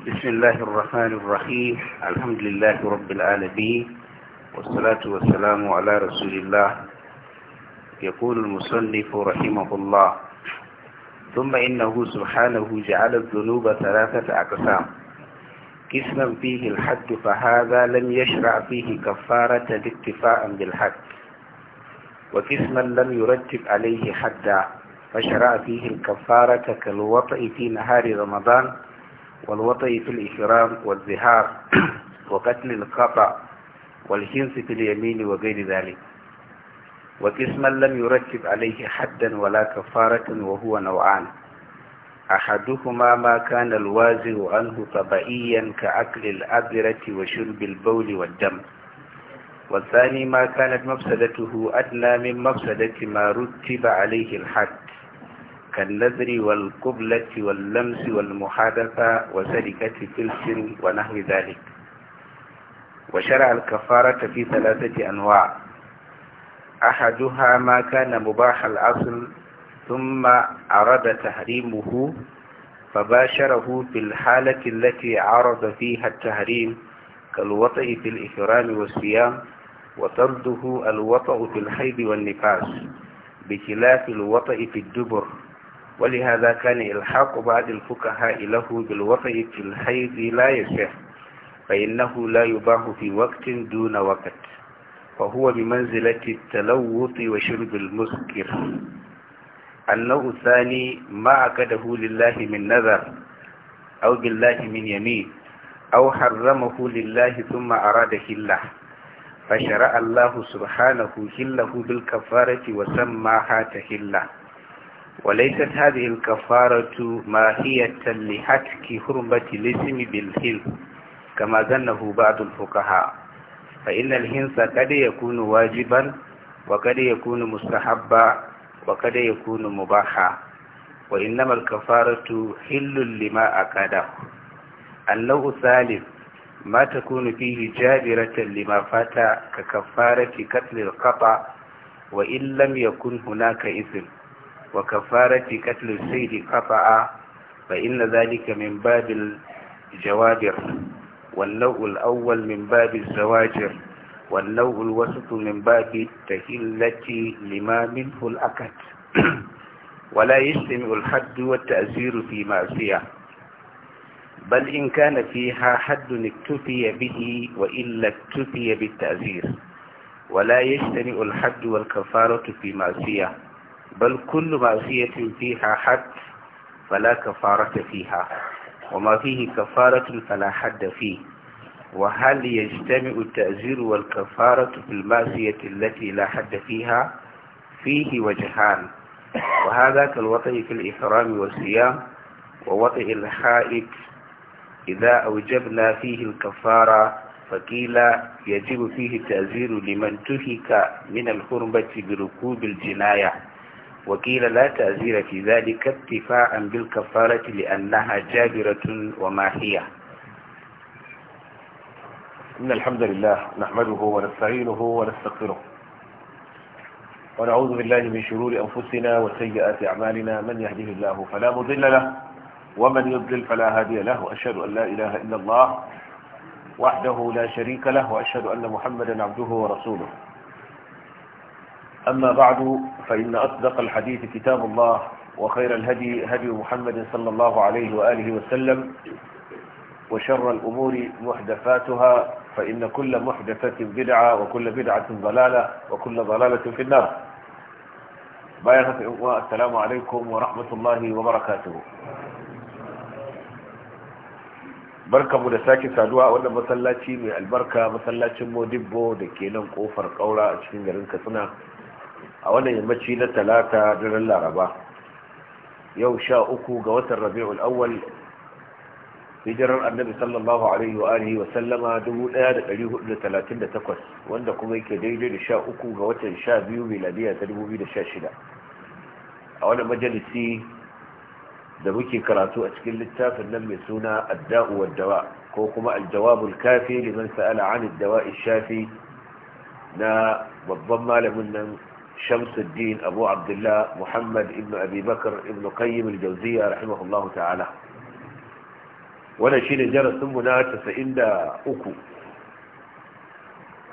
بسم الله الرحمن الرحيم الحمد لله رب العالمين والصلاة والسلام على رسول الله يقول المصنف رحمه الله ثم إنه سبحانه جعل الذنوب ثلاثة أقسام قسما فيه الحد فهذا لم يشرع فيه كفارة اكتفاء بالحد وقسما لم يرتب عليه حدا فشرع فيه الكفارة كالوطئ في نهار رمضان والوطي في الإكرام والزهار وقتل الخطأ والحنس في اليمين وغير ذلك وقسما لم يرتب عليه حدا ولا كفارة وهو نوعان أحدهما ما كان الوازع عنه طبعيا كأكل الأبرة وشرب البول والدم والثاني ما كانت مفسدته أدنى من مفسدة ما رتب عليه الحد كالنذر والقبلة واللمس والمحادثة وسرقة فلس ونحو ذلك وشرع الكفارة في ثلاثة أنواع أحدها ما كان مباح الأصل ثم أراد تحريمه فباشره في الحالة التي عرض فيها التحريم كالوطئ في الإحرام والصيام وطرده الوطأ في الحيض والنفاس بخلاف الوطئ في الدبر ولهذا كان إلحاق بعض الفقهاء له بالوفاء في الحيض لا يصح فإنه لا يباح في وقت دون وقت فهو بمنزلة التلوث وشرب المسكر النوع الثاني ما عقده لله من نذر أو بالله من يمين أو حرمه لله ثم أراد حله فشرع الله سبحانه حله بالكفارة وسماها تحله وليست هذه الكفارة ماهية لحتك حرمة الاسم بالهل كما ظنه بعض الفقهاء فإن الهنس قد يكون واجبا وقد يكون مستحبا وقد يكون مباحا وإنما الكفارة حل لما أكاده النوع الثالث ما تكون فيه جابرة لما فات ككفارة قتل القطع وإن لم يكن هناك إثم وكفارة قتل السيد قطعا فإن ذلك من باب الجوادر والنوء الأول من باب الزواجر والنوء الوسط من باب التهلة لما منه الأكد ولا يجتمع الحد والتأزير في معصية بل إن كان فيها حد اكتفي به وإلا اكتفي بالتأزير ولا يجتمع الحد والكفارة في معصية بل كل معصية فيها حد فلا كفارة فيها وما فيه كفارة فلا حد فيه وهل يجتمع التأجير والكفارة في المعصية التي لا حد فيها فيه وجهان وهذا كالوطئ في الإحرام والصيام ووطئ الحائط إذا أوجبنا فيه الكفارة فقيل يجب فيه التأجير لمن تهك من الحرمة بركوب الجناية وقيل لا تأذير في ذلك اتفاعا بالكفارة لأنها جابرة وما هي إن الحمد لله نحمده ونستعينه ونستغفره ونعوذ بالله من شرور أنفسنا وسيئات أعمالنا من يهده الله فلا مضل له ومن يضلل فلا هادي له وأشهد أن لا إله إلا الله وحده لا شريك له وأشهد أن محمدا عبده ورسوله أما بعد فإن أصدق الحديث كتاب الله وخير الهدي هدي محمد صلى الله عليه وآله وسلم وشر الأمور محدثاتها فإن كل محدثة بدعة وكل بدعة ضلالة وكل ضلالة في النار بايغة السلام عليكم ورحمة الله وبركاته barkamu da sake saduwa a wannan masallaci mai albarka masallacin modibbo da ke nan kofar kaura a cikin garin katsina a wannan yammaci na talata daren laraba yau sha uku ga watan rabi'ul awwal hijirar annabi sallallahu alaihi wa alihi wa sallama 1438 wanda kuma yake daidai da sha uku ga watan sha biyu miladiya ta 2016 a wani majalisi da muke karatu a cikin littafin nan mai suna adda'u waddawa ko kuma aljawabul kafi liman sa'ala an dawa'i shafi na babban malamin nan شمس الدين أبو عبد الله محمد ابن أبي بكر ابن قيم الجوزية رحمه الله تعالى wani shi ne na 93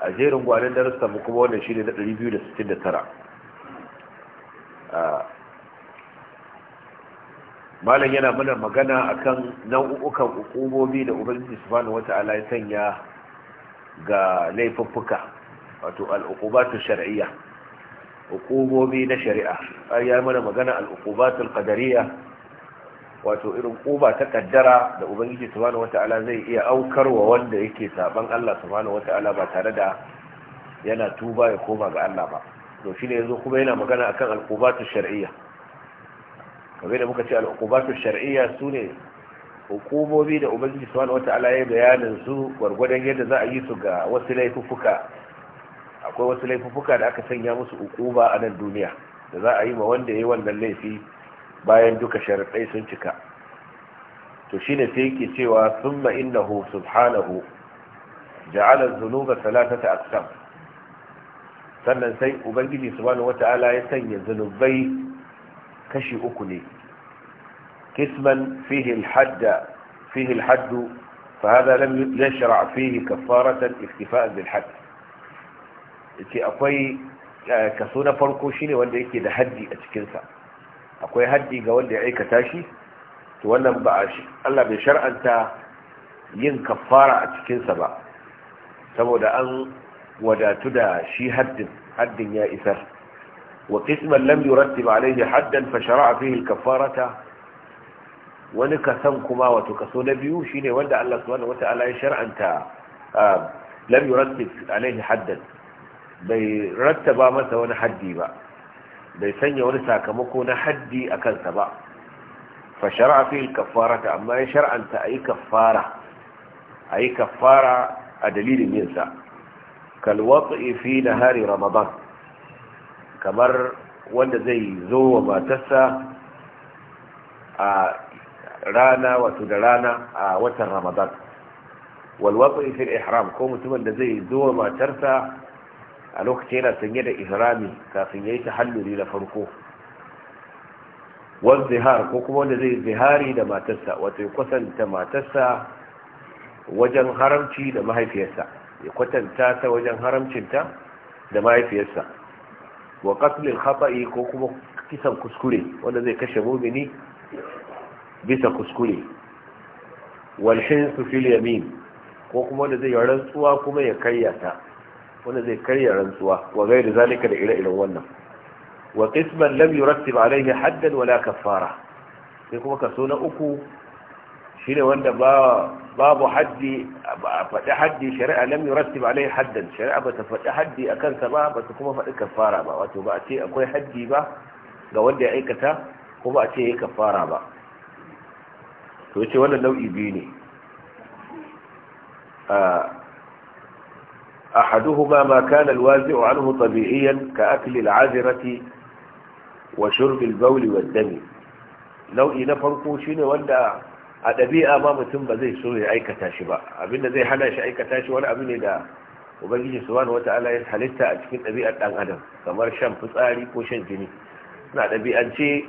a jerin gwanin darussanmu kuma wani shi ne na 269 ah, malin yana mana magana akan na'ukan hukumomi da ubangiji wata wata'ala ya sanya ga laifuffuka wato al'ukubatun shari'iyya hukumomi na shari'a har yi mana magana al'ukubatul qadariya wato irin kuba ta kaddara da ubangiji subhanahu wata'ala zai iya aukarwa wanda yake saban Allah subhanahu wata'ala ba tare da yana tuba ya koma ga Allah ba to shine yanzu kuma yana magana akan al'ukubatul shar'iyya kamar da muka ce al'ukubatul shar'iyya sune hukumomi da ubangiji subhanahu wata'ala ya bayanin su gwargwadon yadda za a yi su ga wasu laifuffuka akwai wasu laifuka da aka sanya musu ukuba a nan duniya da za a yi ma wanda ya yi wannan laifi bayan duka sharaɗai sun cika to shine sai yake cewa summa innahu subhanahu ja'ala dhunuba thalathata aqsam sannan sai ubangiji subhanahu wata'ala ya sanya zunubai kashi uku ne kisman fihi al-hadd fihi al-hadd lam yashra fihi فيه iktifa bil hadd yace akwai eh, kaso na farko shine wanda yake da haddi a cikinsa akwai haddi ga wanda ya aikata shi to wannan ba Allah bai shar'anta yin kafara a cikinsa ba saboda an wadatu da shi haddin haddin ya isa. wa qisman lam yurattib alayhi haddan fa shara'a fihi al-kaffarata wani kasan kuma wato kaso na biyu shine wanda Allah subhanahu wata'ala ya shar'anta ah, lam yurattib alayhi haddan bai rattaba masa wani haddi ba bai sanya wani sakamako na haddi a kansa ba fa shar'a fi kaffarata amma ya shar'anta ayi kaffara ayi kaffara a dalilin yin sa kal wat'i fi nahari ramadan kamar wanda zai zo wa matarsa a rana wato da rana a watan ramadan wal wat'i fi ihram ko mutumin da zai zo wa matarsa a lokaci yana sanye da ihrami kafin ya yi ta halluri na farko wani zihar ko kuma wanda zai zihari da matarsa wato ya kwatanta matarsa wajen haramci da mahaifiyarsa ya kwatanta ta wajen haramcinta da mahaifiyarsa wa kasulin haɓa'i ko kuma kisan kuskure wanda zai kashe mumini bisa kuskure walhin su fil yamin ko kuma wanda zai yi rantsuwa kuma ya karyata wanda zai karya rantsuwa wa gairi zalika da ire-iren wannan wa qisman lam yurattib alayhi haddan wala kaffara sai kuma kaso na uku shine wanda ba babu haddi ba faɗi haddi shari'a lam yurattib alayhi haddan shari'a ba ta faɗi haddi akan sa ba ba ta kuma faɗi kaffara ba wato ba a ce akwai haddi ba ga wanda ya aikata ko ba a ce ya kaffara ba to ce wannan nau'i biyu ne a ah, أحدهما ما كان الوازع عنه طبيعيا كأكل العذرة وشرب bauli والدم nau'i na farko shine wanda a ɗabi'a ma mutum ba zai so ya aikata shi ba abinda zai hana shi aikata shi wani abu ne da ubangiji subhanahu wata ya halitta a cikin ɗabi'ar ɗan adam kamar shan fitsari ko shan jini na ɗabi'ance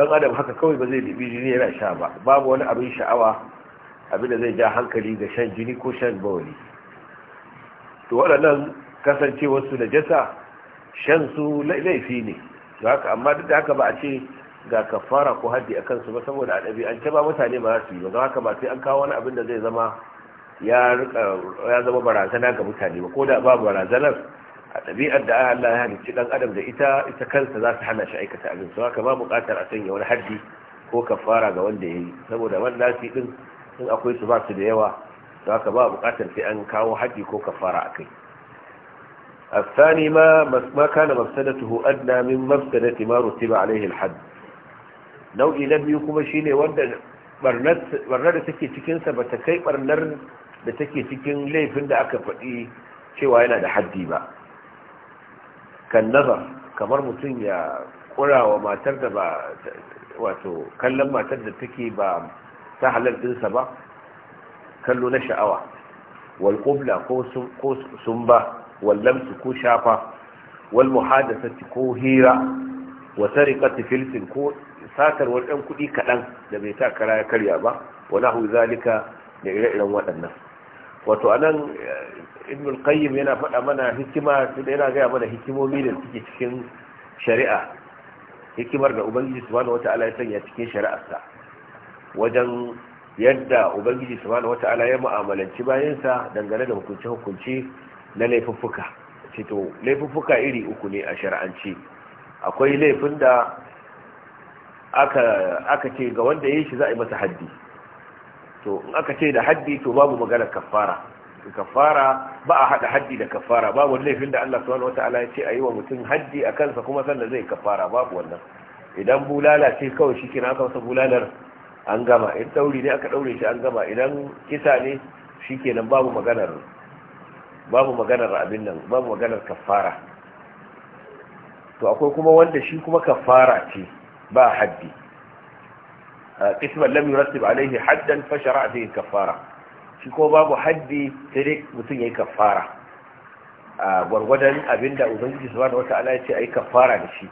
ɗan adam haka kawai ba zai ɗibi jini yana sha ba babu wani abin sha'awa abinda zai ja hankali ga shan jini ko shan bauli. to waɗannan kasancewarsu da jasa shansu laifi ne to haka amma duk da haka ba a ce ga kafara ko haddi a kansu ba saboda a an ba mutane ba za su yi ba haka ba sai an kawo wani abin da zai zama ya zama barazana ga mutane ba ko da ba barazanar a ɗabi'ar da Allah ya halicci dan adam da ita ita kansa za su hana shi aikata abin su haka ba buƙatar a sanya wani haddi ko kafara ga wanda ya yi saboda wannan nasi ɗin in akwai su ba su da yawa don haka ba bukatar sai an kawo haji ko kafara fara الثاني ما ما كان مفسدته ادنى من مفسده ما رتب عليه الحد nau'i na biyu kuma shine wanda barnar da take cikinsa ba ta kai barnar da take cikin laifin da aka faɗi cewa yana da haddi ba kan nazar kamar mutum ya kura wa matar da ba wato kallon matar da take ba ta halar dinsa ba kallo na sha'awa walƙubla ko sumba wal ko shafa wal muhadathati ko hira wa sariqati filsin ko satar ɗan kuɗi kaɗan da bai ta kara ya karya ba wani hu zalika da ire-iren waɗannan wato anan eh, ibn al-qayyim yana faɗa mana hikima yana gaya mana hikimomi da suke cikin shari'a hikimar da ubangiji wata wata'ala ya sanya cikin shari'arsa wajen yadda ubangiji subhanahu wata'ala ya mu'amalanci bayansa dangane da hukunci hukunci na laifuffuka ce laifuffuka iri uku ne a shar'anci akwai laifin da aka aka ce ga wanda yayi shi za a yi masa haddi to in aka ce da haddi to babu maganar kafara kafara ba a hada haddi da kafara babu laifin da Allah subhanahu wata'ala ya ce a yi wa mutum haddi a kansa kuma sannan zai kafara babu wannan idan bulala ce kawai shi kina aka masa bulalar an gama in ɗauri ne aka ɗaure shi an gama idan kisa ne shi kenan babu maganar babu maganar abin nan babu maganar kafara to akwai kuma wanda shi kuma kafara ce ba haddi qisman lam yurattib alaihi haddan fa shara'a fihi kafara shi ko babu haddi sai dai mutum yayi kafara a gwargwadon abinda ubangiji subhanahu wata'ala ya ce ayi kafara da shi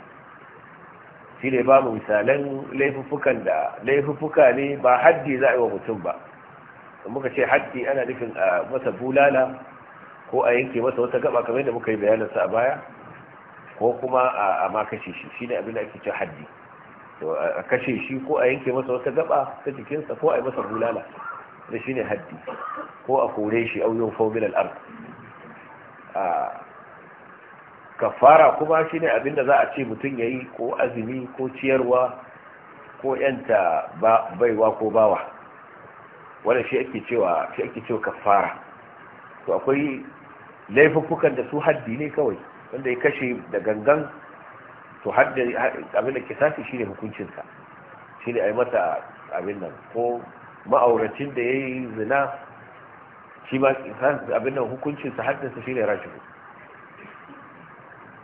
shi ne ba mu misalan laifuffukan da laifuffuka ne ba haddi za a yi wa mutum ba muka ce haddi ana nufin a masa bulala ko a yanke masa wata gaba kamar da muka yi bayanansa a baya ko kuma a ma kashe shi shi ne abin da ake ce haddi a kashe shi ko a yanke masa wata gaba ta jikinsa ko a yi masa bulala da shi ne haddi ko a kore shi auyon fomin al'ar kafara kuma shi abin da za a ce mutum ya yi ko azumi ko ciyarwa ko yanta baiwa ko bawa wanda shi ake cewa shi ake cewa kafara to akwai laifukukan da su haddi ne kawai wanda ya kashe da gangan to haddi abin da shi ne hukuncinsa shi a yi mata abin nan ko ma'auracin da ya yi zina shi ba abin nan hukuncinsa haddinsa ne rashin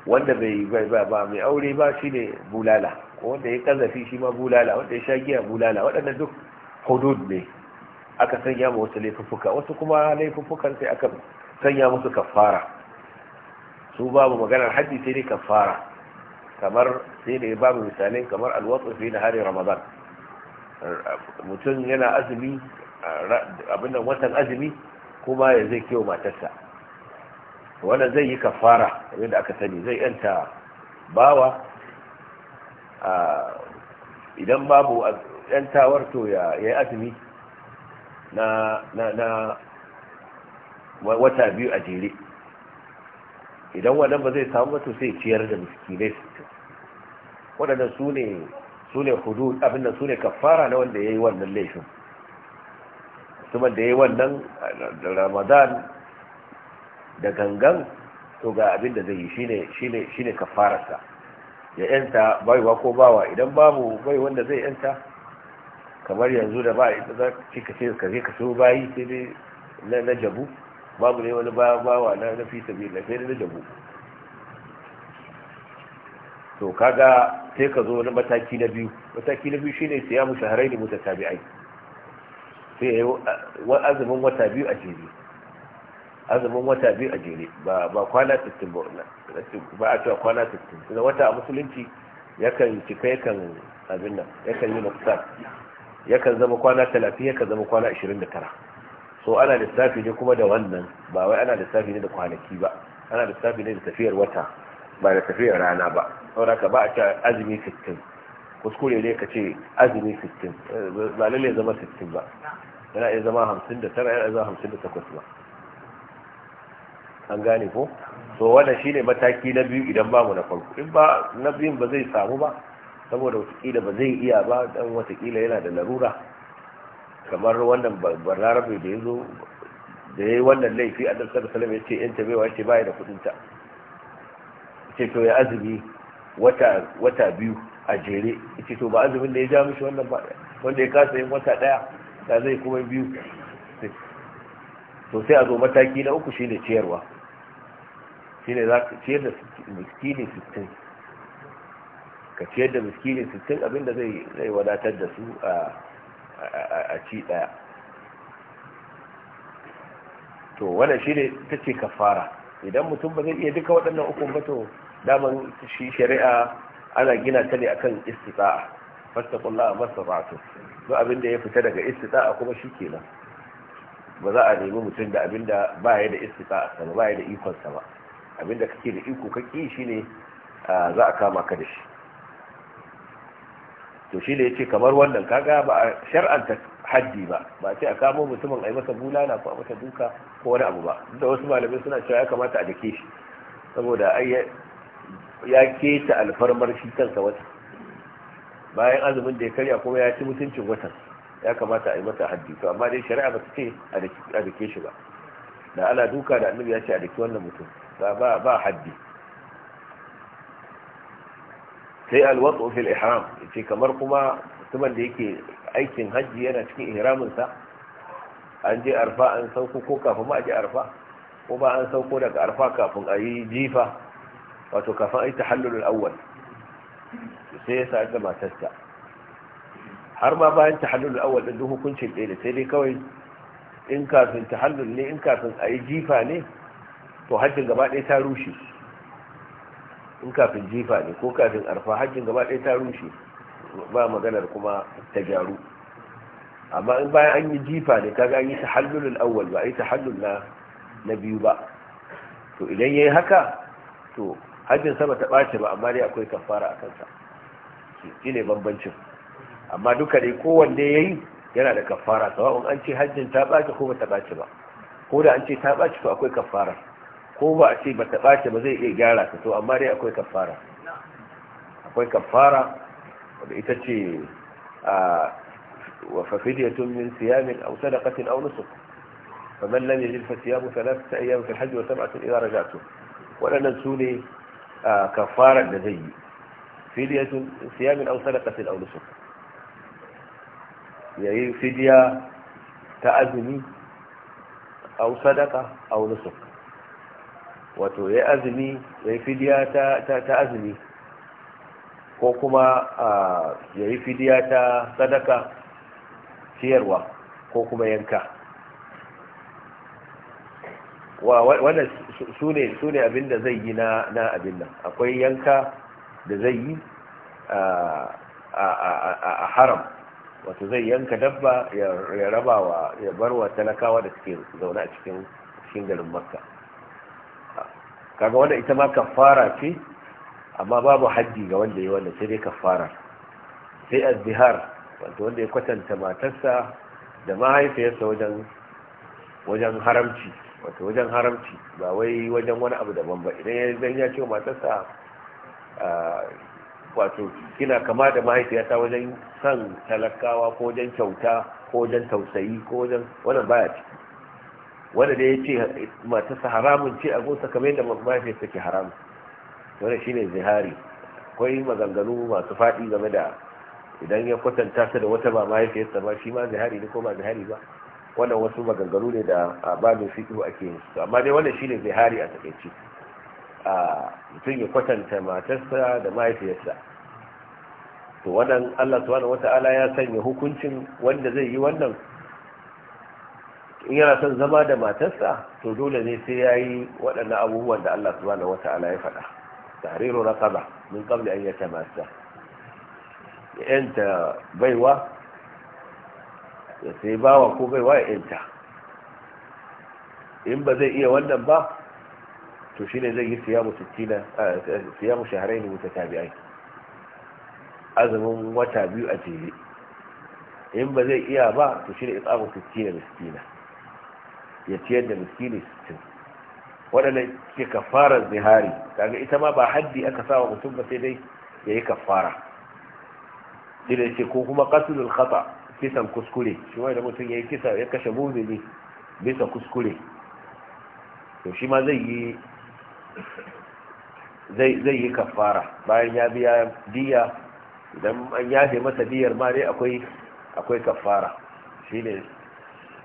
wanda bai ba ba mai aure ba shi ne bulala ko wanda ya kazafi shi ma bulala wanda ya giya bulala waɗannan duk hudud ne aka sanya ma wasu laifuffuka wasu kuma laifuffukan sai aka sanya musu kafara su babu maganar haji sai dai kafara kamar sai da babu misalai kamar alwatsu fi na hari ramadan mutum yana azumi abin nan watan azumi kuma ya zai kiwo matarsa wannan zai yi kafara yadda aka sani zai yanta bawa idan babu yantawar to ya yi azumi na na wata biyu a jere idan wadanda ba zai samu wato sai ciyar da miskinai waɗannan su ne su ne hudu abinda su ne kafara na wanda ya yi wannan laifin mutumin da ya yi wannan ramadan da gangan to ga abin da zai yi shine shine shine kafararsa ya yanta baiwa ko bawa idan babu bai wanda zai yanta kamar yanzu da ba ita za ka ce ka je ka so bayi sai dai na na jabu babu ne wani bawa na na fi sabi na sai na jabu to kaga sai ka zo wani mataki na biyu mataki na biyu shine siyamu shahrain mutattabi'ai sai azumin wata biyu a jere azumin wata biyu a jere ba ba kwana 60 ba wannan ba a cewa kwana 60 da wata a musulunci yakan cika yakan abin nan yakan yi nuksan yakan zama kwana 30 yakan zama kwana 29 so ana lissafi ne kuma da wannan ba wai ana lissafi ne da kwanaki ba ana lissafi ne da tafiyar wata ba da tafiyar rana ba saboda ka ba a cewa azumi 60 kuskure ne ka ce azumi 60 eh, ba lalle zama 60 ba yana iya zama 59 yana zama 58 ba an gane ko so shi shine mataki na biyu idan bamu na farko in ba na biyun ba zai samu ba saboda watakila ba zai iya ba dan watakila yana da larura kamar wannan bararabe da ya zo da ya yi wannan laifi a ɗan sarrafa salama ya ce yan tabewa ya ce ya da kudinta ce to ya azumi wata biyu a jere ce to ba azumin da ya ja mishi wannan ba wanda ya kasa yin wata daya da zai kuma biyu to sai a zo mataki na uku shine ciyarwa shine za ka ciyar da miskini sittin ka ciyar da miskini sittin abinda zai zai wadatar da su a ci daya to shi shine ta ce kafara idan mutum ba zai iya duka waɗannan ukun ba to daman shi shari'a ana gina ta ne akan istita'a fastaqullaha masata'tum duk abin da ya fita daga istita'a kuma shikenan ba za a nemi mutum da abin da ba ya da istita'a ba ya da ikon sa ba abinda kake da iko ka ki ne za a kama ka da shi to shi ne ce kamar wannan kaga ba a shar'anta haddi ba ba ce a kamo mutumin a yi masa bulala ko a masa duka ko wani abu ba da wasu malamai suna cewa ya kamata a dake shi saboda ai ya keta alfarmar shi kansa wata bayan azumin da ya karya kuma ya ci mutuncin watan ya kamata a yi masa haddi to amma dai shari'a ba ta ce a dake shi ba da ana duka da annabi ya ce a jiki wannan mutum ba ba ba haddi sai alwatsu fil ihram ce kamar kuma mutumin da yake aikin hajji yana cikin ihramin sa an je arfa an sauko ko kafin ma a je arfa ko ba an sauko daga arfa kafin a yi jifa wato kafin a yi tahallulul awwal sai ya sa da matarsa har ma bayan tahallulul awwal din duk hukuncin ɗaya sai dai kawai in kafin tahallul ne in kafin a yi jifa ne to hajjin gaba ɗaya ta rushe in kafin jifa ne ko kafin arfa hajjin gaba ɗaya ta rushe ba maganar kuma ta gyaru amma in bayan an yi jifa ne kaga an yi tahallulul awwal ba a yi tahallul na na biyu ba to idan yayi haka to hajjin sama ta ɓace ba amma dai akwai kafara a kansa shi ne bambancin amma duka dai kowanne yayi yana da kafara sawa'un an ce hajjin ta ɓaci ko ba ta ɓaci ba ko da an ce ta ɓaci to akwai kafara ko ba a ce ba ta ɓaci ba zai iya gyara ta to amma dai akwai kafara akwai kafara wadda ita ce a wa fafidiyatun min siyamin aw sadaqatin aw nusuk faman lam yajid fa siyamu thalathata ayyam hajji al-hajj wa sab'atun idha raja'tum wadannan su ne kafaran da zai yi fidiyatun siyamin aw sadaqatin aw nusuk ya yi fidiya ta azumi au sadaka au nusuk wato ya azumi ya yi fidiya ta azumi ko kuma ya yi fidiya ta sadaka ciyarwa ko kuma yanka wannan su ne abin da zai yi na abin nan akwai yanka da zai yi a haram wato zai yanka dabba ya raba wa ya bar wa talakawa da suke zaune a cikin cikin garin makka kaga wanda ita ma kafara ce amma babu haddi ga wanda ya wanda sai dai kafara sai azbihar wato wanda ya kwatanta matarsa da mahaifiyarsa wajen wajen haramci wato wajen haramci ba wai wajen wani abu daban ba idan ya ce matarsa ah, wato kina kama da mahaifiyata wajen san talakawa ko wajen kyauta ko wajen tausayi ko wajen wannan baya ciki wanda da ya ce matarsa haramun ce a gosa kamar yadda mahaifiyarsa ke haramun wannan shine zihari akwai maganganu masu faɗi game da idan ya kwatanta su da wata ba mahaifiyarsa ba shi ma zihari ne ko ba zihari ba wannan wasu maganganu ne da a bani fito ake yin su amma dai wannan shine zihari a takaice a mutum ya kwatanta matarsa da mahaifiyarsa to wannan Allah subhanahu wata'ala ya sanya hukuncin wanda zai yi wannan in yana son zama da matarsa to dole ne sai ya yi waɗannan abubuwan da Allah subhanahu wata'ala ya faɗa tariru raqaba min qabli an yatamassa ya yanta baiwa ya sai bawa ko baiwa ya yanta in ba zai iya wannan ba to shi ne zai yi siyamu sittina siyamu shahrayn mutatabi'ai azumin wata biyu a jere in ba zai iya ba to shi ne ya tsamu sittina miskina ya ciyar da miskini sittin waɗannan ke kafarar zihari kaga ita ma ba haddi aka sa wa mutum ba sai dai ya yi kafara shi da ce ko kuma qatlul khata kisan kuskure shi da mutum ya yi kisa ya kashe mumini bisa kuskure to shi ma zai yi zai yi kafara bayan ya biya diya idan an yafe masa diyar ma dai akwai akwai kafara shine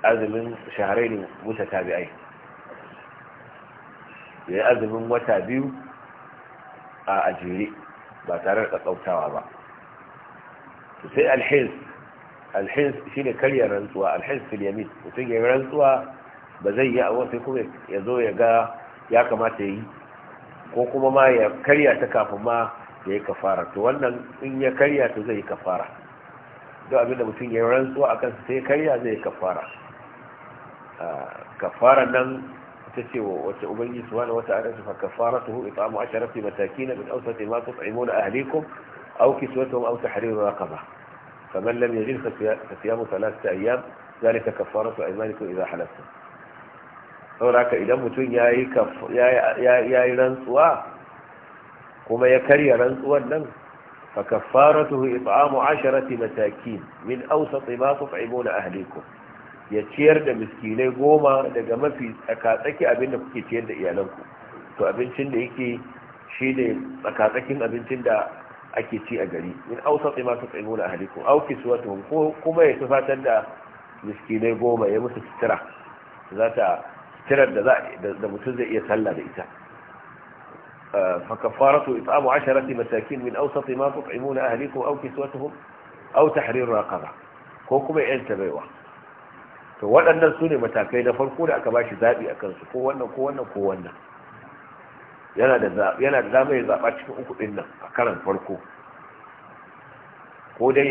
azumin shaharai wuta musa tabi'ai ya azumin wata biyu a ajiri ba tare da tsautawa ba sai alhins alhins shine karyar rantsuwa alhins filyamin mutum ya rantsuwa ba zai yi a wasu kuma ya zo ya ga ya kamata ya yi ko kuma ma ya karya ta kafin ma ya yi kafara to wannan in ya karya to zai yi kafara duk abin da mutum ya rantsuwa a kansa sai karya zai yi kafara kafara nan ta ce wace ubangiji su wani wata adalci fa kafara ta hu ita mu ashara mataki na bin ausa ta masu tsaimu na ahalikum au kiswatuhum au tahriru raqaba faman lam yajid fa siyamu thalathata ayyam ذلك كفارة أيمانكم إذا حلفتم sauraka idan mutum ya yi rantsuwa kuma ya karya rantsuwan nan fa kaffaratuhu it'amu asharati matakin min awsat ma tut'imuna ahlikum ya ciyar da miskinai goma daga mafi tsakatsaki da kuke ciyar da iyalanku to abincin da yake ne tsakatsakin abincin da ake ci a gari min awsat ma tut'imuna ahlikum au kiswatuhum kuma ya tufatar da miskinai goma ya musu sutura za ta tirar da mutum zai iya sallah da ita ah, fa kafaratu it'amu 10 masakin min awsat ma tut'imuna ahlikum aw kiswatuhum aw tahrir raqaba ko kuma yan tabaiwa to waɗannan su ne matakai na farko da aka ba shi zaɓi a kansu ko wannan ko wannan ko wannan yana da zama ya zaɓa cikin uku ɗin nan a karan farko ko dai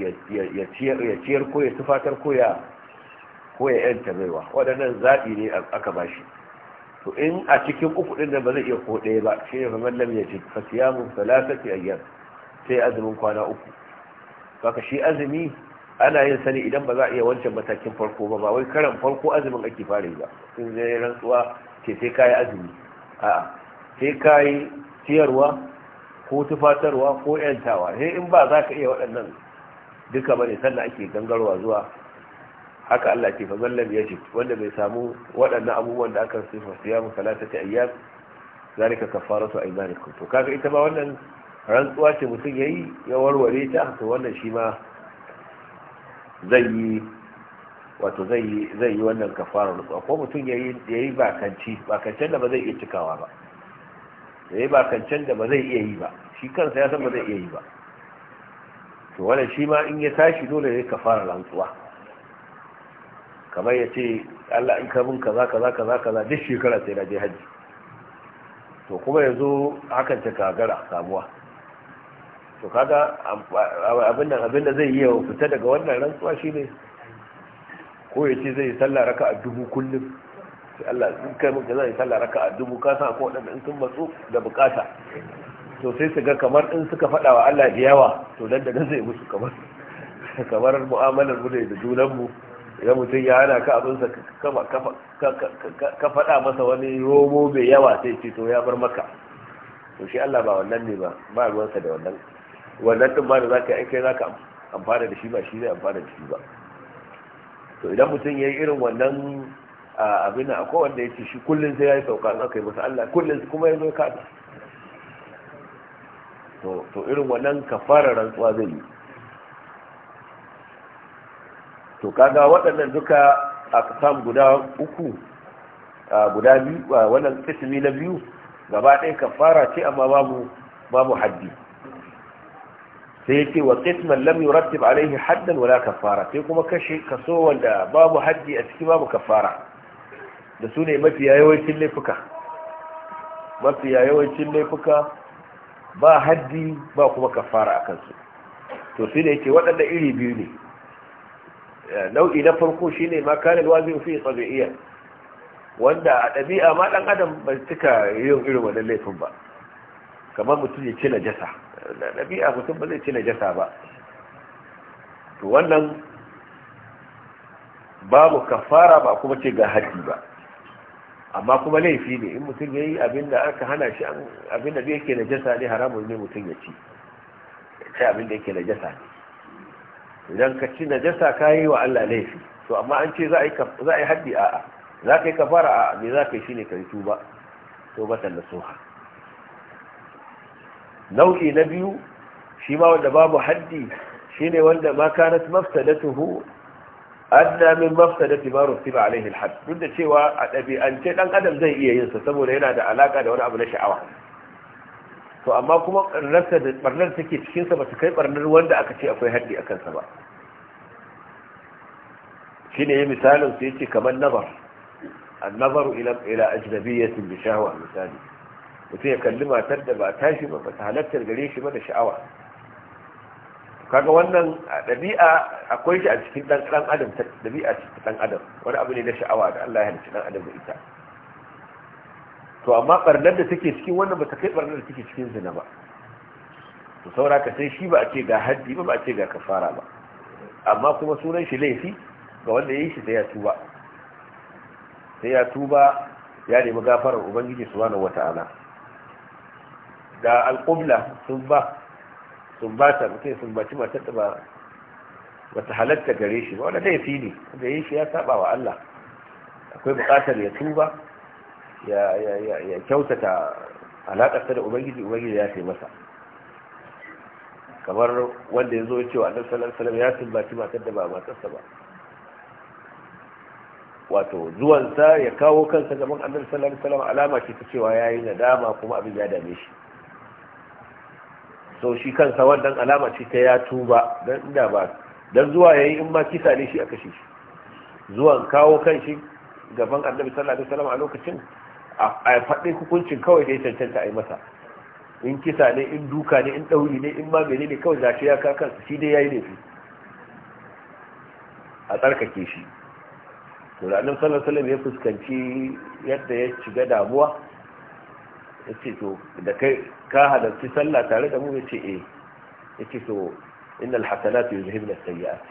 ya ciyar ko ya tufatar ko ya ko ya yanta baiwa waɗannan zaɓi ne aka ba shi to in a cikin uku ɗin da ba zai iya ko ɗaya ba shi ne kamar lam ya ce fasiyamu salasati ayyam sai azumin kwana uku kaka shi azumi ana yin sani idan ba za a iya wancan matakin farko ba ba wai karan farko azumin ake fara yi ba In zai rantsuwa ke sai kayi azumi a'a sai kayi ciyarwa ko tufatarwa ko yantawa sai in ba za ka iya waɗannan duka ba ne sannan ake gangarwa zuwa haka Allah ke fa zallam yajib wanda bai samu waɗannan abubuwan da aka sifa siyamu salatati ayyam zalika kafaratu aymanikum to kaga ita ba wannan rantsuwa ce mutum yayi ya warware ta to wannan shi ma zai yi wato zai yi zai yi wannan kafara rantsuwa ko mutum yayi yayi bakanci bakancen da ba zai iya cikawa ba yayi bakancen da ba zai iya yi ba shi kansa ya san ba zai iya yi ba to wannan shi ma in ya tashi dole ya kafara rantsuwa kamar ya ce Allah in ka za kaza kaza kaza kaza duk shekara sai na je hajji to kuma ya zo hakan ta kagara samuwa to kaga abin da zai yi wa fita daga wannan rantsuwa shine ko ya ce zai sallah raka a dubu kullum sai Allah in kai muka zai sallah raka a dubu ka san ko waɗanda in sun matsu da bukata to sai su ga kamar in suka fada wa Allah da yawa to dan da zai musu kamar kamar mu'amalar mu da junan mu idan mutum ya hana ka abinsa ka faɗa masa wani romo mai yawa sai ce to ya bar maka to shi Allah ba wannan ne ba ba ruwansa da wannan wannan ɗin ba da za ka yi za ka amfana da shi ba shi zai amfana da shi ba to idan mutum ya yi irin wannan abin akwai wanda ya ce shi kullum sai ya yi sauka an aka yi masa Allah kullum kuma ya zo ka to irin wannan kafara rantsuwa zai yi to kaga waɗannan duka kasan guda uku guda biyu wannan kismi na biyu gaba ɗaya kafara ce amma babu babu haddi sai yake wa qisman lam yurattib alaihi haddan wala kafara sai kuma kashe kaso wanda babu haddi a ciki babu kafara da su ne mafi yawancin laifuka mafi yawancin laifuka ba haddi ba kuma kafara a kansu to sai da yake waɗanda iri biyu ne nau'i na farko shine ma kana alwazi'u fi tabi'iyya wanda a ɗabi'a ma ɗan adam ba cika yin irin wannan laifin ba kamar mutum ya ci najasa ɗabi'a mutum ba zai ci jasa ba to wannan babu kafara ba kuma ce ga haji ba amma kuma laifi ne in mutum ya yi abinda aka hana shi abinda da yake najasa ne haramun ne mutum ya ci ya ci abinda yake najasa ne idan ka ci najasa ka yi wa Allah laifi to amma an ce za a yi haddi a'a za ka yi kafara a'a me za ka yi shine ka yi ba ta nasuha nau'i na biyu shi ma wanda babu haddi shine wanda ma kanat mafsadatuhu adna min mafsadati ma rutiba alaihi alhad duk da cewa a ɗabi'ance dan adam zai iya yin sa saboda yana da alaka da wani abu na sha'awa to amma kuma barnarsa da barnar take cikinsa ba su kai ɓarnar wanda aka ce akwai haddi a kansa ba shi ne misalin su yake kamar nabar annabaru ila ajnabiyyatin bi shahwa misali mutum ya kalli matar da ba tashi ba ba ta halattar gare shi ba da sha'awa kaga wannan ɗabi'a akwai shi a cikin ɗan adam ɗabi'a cikin ɗan adam wani abu ne na sha'awa da Allah ya halicci ɗan adam da ita to amma barnar da take cikin wannan ba ta kai barnar da take cikin zina ba to saura ka sai shi ba a ce ga haddi ba ba a ce ga kafara ba amma kuma sunan shi laifi ga wanda ya yi shi sai ya tuba sai ya tuba ya nemi gafarar ubangiji subhanahu wata'ala da alqubla sun ba sun ba ta mutum sun baci matar da ba wata halatta gare shi ba wanda laifi ne da yi shi ya saba wa Allah akwai bukatar ya tuba ya kyautata ta da ubangiji ubangiji ya ce masa kamar wanda ya zo cewa annabi sallallahu alaihi wasallam ya sumbaci matar da ba matarsa ba wato zuwansa ya kawo kansa gaban annabi sallallahu alaihi wasallam alama ce ta cewa yayi nadama kuma abin ya dame shi so shi kansa wannan alama ce ta ya tuba dan inda ba dan zuwa yayi in ma kisa ne shi aka shi zuwan kawo kanshi gaban annabi sallallahu alaihi wasallam a lokacin a faɗi hukuncin kawai da ya cancanta a yi masa in kisa ne in duka ne in ɗauri ne in ma ne kawai zafi ya ka kansa shi dai ya yi laifi a tsarkake shi to sallar-sallar ya fuskanci yadda ya shiga damuwa ya ce to da kai ka halarci sallah tare da mu ya ce eh ya ce to innal hasanatu yuzhibna as-sayyi'at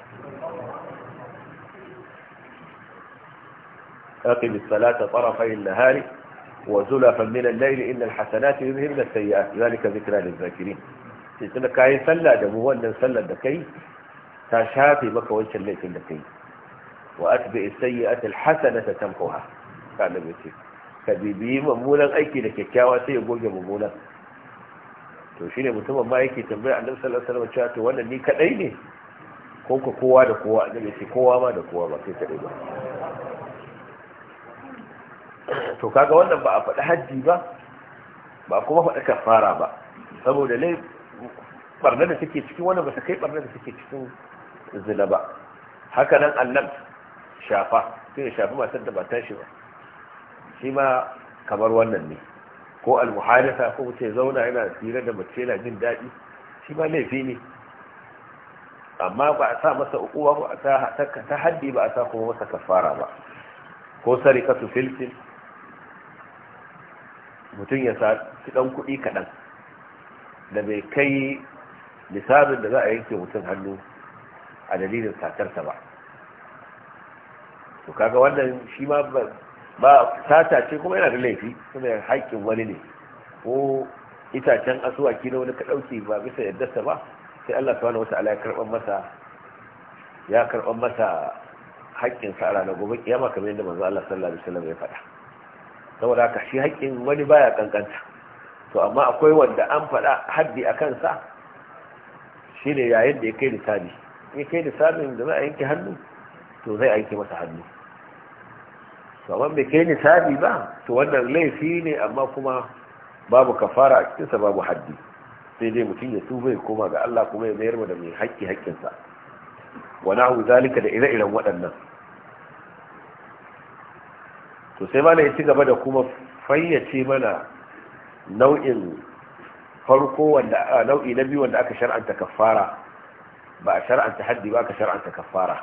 aqim as-salata tarafay an-nahari وزلفا من الليل إن الحسنات يذهبن السيئات ذلك ذكرى للذاكرين sai kayi sallah da mu wannan sallar da kai ta shafe maka wancan laifin da kai wa atbi as-sayyi'ata al-hasanata tamhuha kana bace ka bibiyi mummunan aiki da kyakkyawa sai ya goge mummunan to shine mutumin ma yake tambaya annabi sallallahu alaihi wasallam cewa wannan ni kadai ne ko kowa da kowa ce kowa ma da kowa ba kadai ba to kaga wannan ba a faɗi hajji ba ba kuma faɗi kafara ba saboda lai barna da suke cikin wannan ba su kai barna da suke cikin zina ba haka nan annan shafa sai ya shafi matar da ba ta shi ba shi ma kamar wannan ne ko almuhadasa ko mutum zauna yana tsira da mace yana jin daɗi shi ma laifi ne amma ba a sa masa ukuwa ba ta haddi ba a sa kuma masa kafara ba ko su filfil mutum ya sa ɗan kuɗi kaɗan da bai kai lissafin da za a yanke mutum hannu a dalilin satarsa ba to kaga wannan shi ma ba sata ce kuma yana da laifi kuma haƙƙin wani ne ko itacen asuwaki na wani ka ɗauki ba bisa yaddarsa ba sai Allah subhanahu wata'ala ya karɓar masa ya karɓar masa haƙƙinsa a ranar gobe kiyama kamar yadda manzo Allah sallallahu alaihi wasallam ya faɗa saboda ka shi haƙƙin wani baya kankanta to amma akwai wanda an faɗa haddi a kansa shi ne yayin da ya kai lissafi ya kai lissafin da za a yanke hannu to zai yanke masa hannu to amma bai kai lissafi ba to wannan laifi ne amma kuma babu kafara a cikinsa babu haddi sai dai mutum ya tuba ya koma ga Allah kuma ya mayar da mai haƙƙi haƙƙinsa wa na'u zalika da ire-iren waɗannan to sai mana yi ci gaba da kuma fayyace mana nau'in farko wanda nau'i na biyu wanda aka shar'anta kafara ba a shar'anta haddi ba aka shar'anta kafara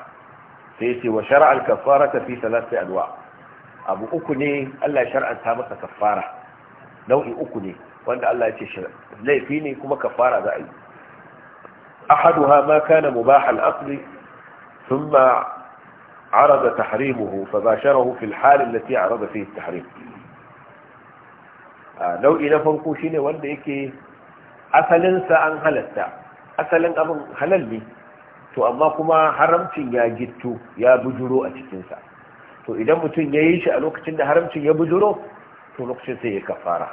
sai ce wa shar'al kafara ta fi salati alwa abu uku ne Allah ya shar'anta masa kafara nau'i uku ne wanda Allah ya ce laifi ne kuma kafara za a yi ahaduha ma kana mubah al-asli thumma عرض تحريمه فباشره في الحال التي عرض فيه التحريم nau'i na farko shine wanda yake asalinsa an halatta asalin abin halal ne to amma kuma haramcin ya gitto ya bujuro a cikinsa to idan mutum ya yi shi a lokacin da haramcin ya bujuro to lokacin sai ya kafara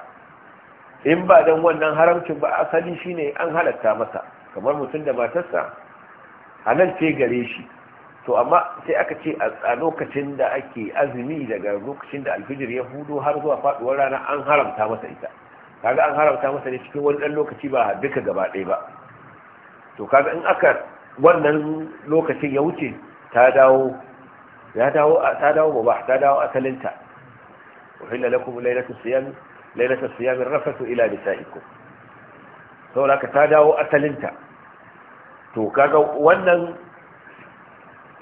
in ba don wannan haramcin ba asali shine an halatta masa kamar mutum da matarsa halal ce gare shi to amma sai aka ce a lokacin da ake azumi daga lokacin da alfijir ya hudu har zuwa faduwar rana an haramta masa ita kaga an haramta masa ne cikin wani dan lokaci ba duka gaba ɗaya ba to kaga in aka wannan lokacin ya wuce ta dawo ya dawo ta dawo ba ta dawo asalinta hilla lakum laylatu siyam laylatu siyam rafatu ila nisaikum saboda ka ta dawo asalinta to kaga wannan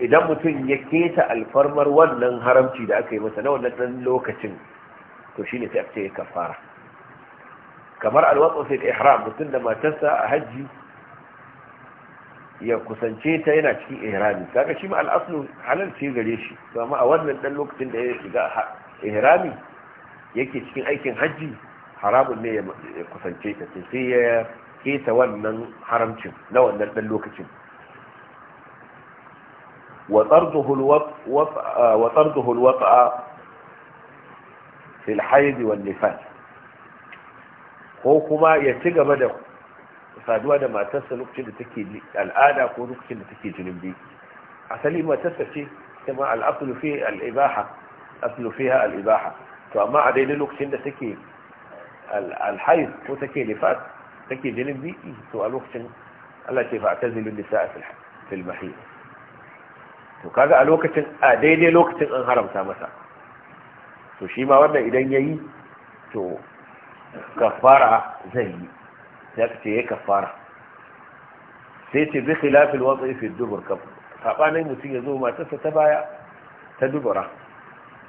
idan mutum ya keta alfarmar wannan haramci da aka yi masa na wannan ɗan lokacin to shine sai aka yi kafara kamar alwatsa sai ihram mutum da matarsa a hajji ya kusance ta yana cikin ihrami kaga shi ma al'aslu halal ce gare shi amma a wannan dan lokacin da ya shiga ihrami yake cikin aikin hajji haramun ne ya kusance ta sai ya keta wannan haramcin na wannan dan lokacin وطرده الوطأ, وطرده الوطأ في الحيض والنفاس ko kuma ya ci gaba da saduwa da matarsa lokacin da take al'ada ko lokacin da take jinin biki asali matarsa ce kuma al'aslu fi al'ibaha aslu fiha al'ibaha to amma a daidai lokacin da take alhaiz ko take nifas take jinin biki to a lokacin Allah ce fa atazilu nisaa fil mahiyah to kaga a lokacin a daidai lokacin an haramta masa to shi ma wannan idan ya yi to kafara zai yi ya ce ya kafara sai ce bi khilafil watsi fi dubur sabanin mutum ya zo matarsa ta baya ta dubura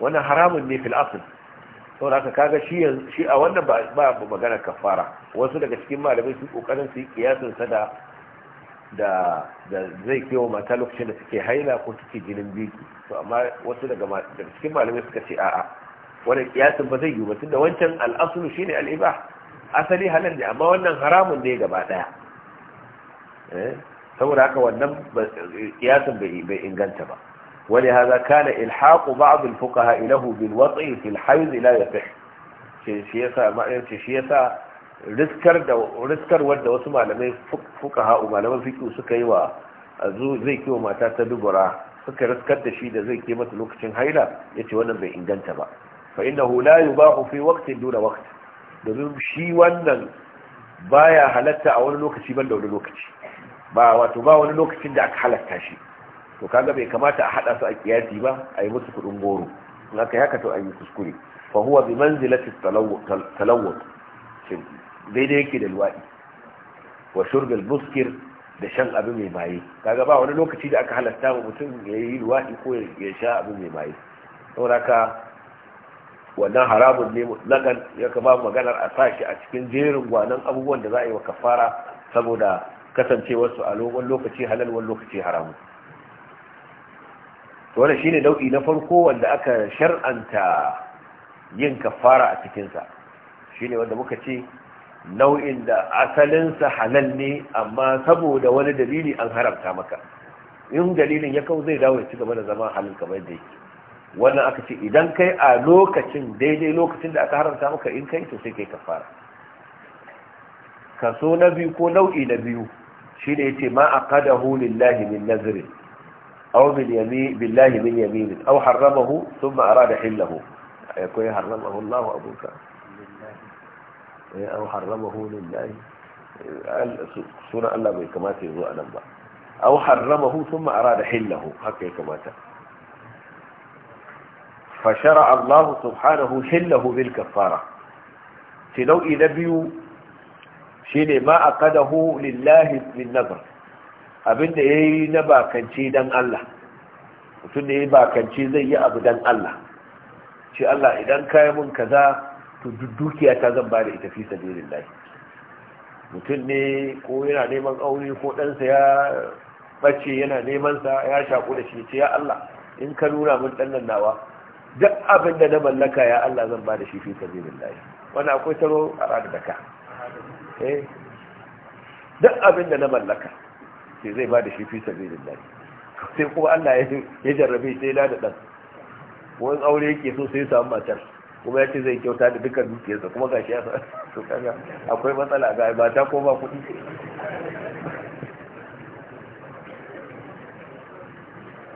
wannan haramun ne fil asl saboda haka kaga shi shi a wannan ba ba magana kafara wasu daga cikin malamai su kokarin su yi kiyasin sa da da zai kewa mata lokacin da suke haila ko suke jinin biki to amma wasu daga cikin malamai suka ce a'a wannan kiyasin ba zai yi ba tunda wancan al'asulu shine al'iba asali halal ne amma wannan haramun ne gaba daya eh? saboda haka wannan kiyasin bai inganta ba wani haza kana ilhaqu ba'd al-fuqaha ilahu bil wat'i fil hayd la yafih shi yasa ma'anar shi yasa riskar da riskar wanda wasu malamai fuqaha malaman fiqh suka yi wa zai kiwa mata ta dubura suka riskar da shi da zai ke mata lokacin haila yace wannan bai inganta ba fa innahu la yubahu fi waqtin duna waqt domin shi wannan baya halatta a wani lokaci ban da wani lokaci ba wato ba wani lokacin da aka halatta shi to kaga bai kamata a hada su a kiyasi ba a yi musu kudin goro in aka haka to a yi kuskure fa huwa bi manzilati talawwut daidai yake da luwaɗi wa shurgal buskir da shan abu mai maye kaga ba wani lokaci da aka halatta wa mutum ya yi luwaɗi ko ya sha abu mai maye saboda ka wannan haramun ne mutlakan ya kama maganar a sa shi a cikin jerin gwanan abubuwan da za a yi wa kafara saboda kasancewarsu a wani lokaci halal wani lokaci to wannan shine nau'i na farko wanda aka shar'anta yin kafara a cikinsa shine wanda muka ce nau'in da asalinsa halal ne amma saboda wani dalili an haramta maka in dalilin ya kawo zai dawo ya ci gaba da zama halin kamar yadda yake wannan aka ce idan kai a lokacin daidai lokacin da aka haramta maka in kai to sai kai fara kaso na biyu ko nau'i na biyu shi ne ce ma aqadahu lillahi min nazrin aw billahi min yamin aw haramahu thumma arada hillahu akwai haramahu Allah abuka Eh, an harramahu hu lillahi sunan Allah bai kamata ya zo a nan ba an harrama hu sun ma'ara da hillahu haka ya kamata fashara Allah subhanahu hillahu bil kafara ce nau'i na biyu shine ne ma a kada hu lillahi min abinda ya yi na bakanci dan Allah mutum ne ya yi bakanci zai yi abu dan Allah ce Allah idan kayan mun kaza to duk dukiya ta zan ba da ita fi sabilillah mutum ne ko yana neman aure ko ɗansa ya ɓace yana neman sa ya shaƙo da shi ce ya Allah in ka nuna min ɗan nan nawa duk abin da na mallaka ya Allah zan ba da shi fi sabilillah Wani akwai taro a ranar da ka eh, duk abin da na mallaka sai zai ba da shi fi sabilillah sai kuma Allah ya jarrabe sai na da ɗan wani aure yake so sai samu matar kuma ya ce zai kyauta da dukkan dukiyarsa kuma ga shi to kaga akwai matsala ga ba ta ko ba kuɗi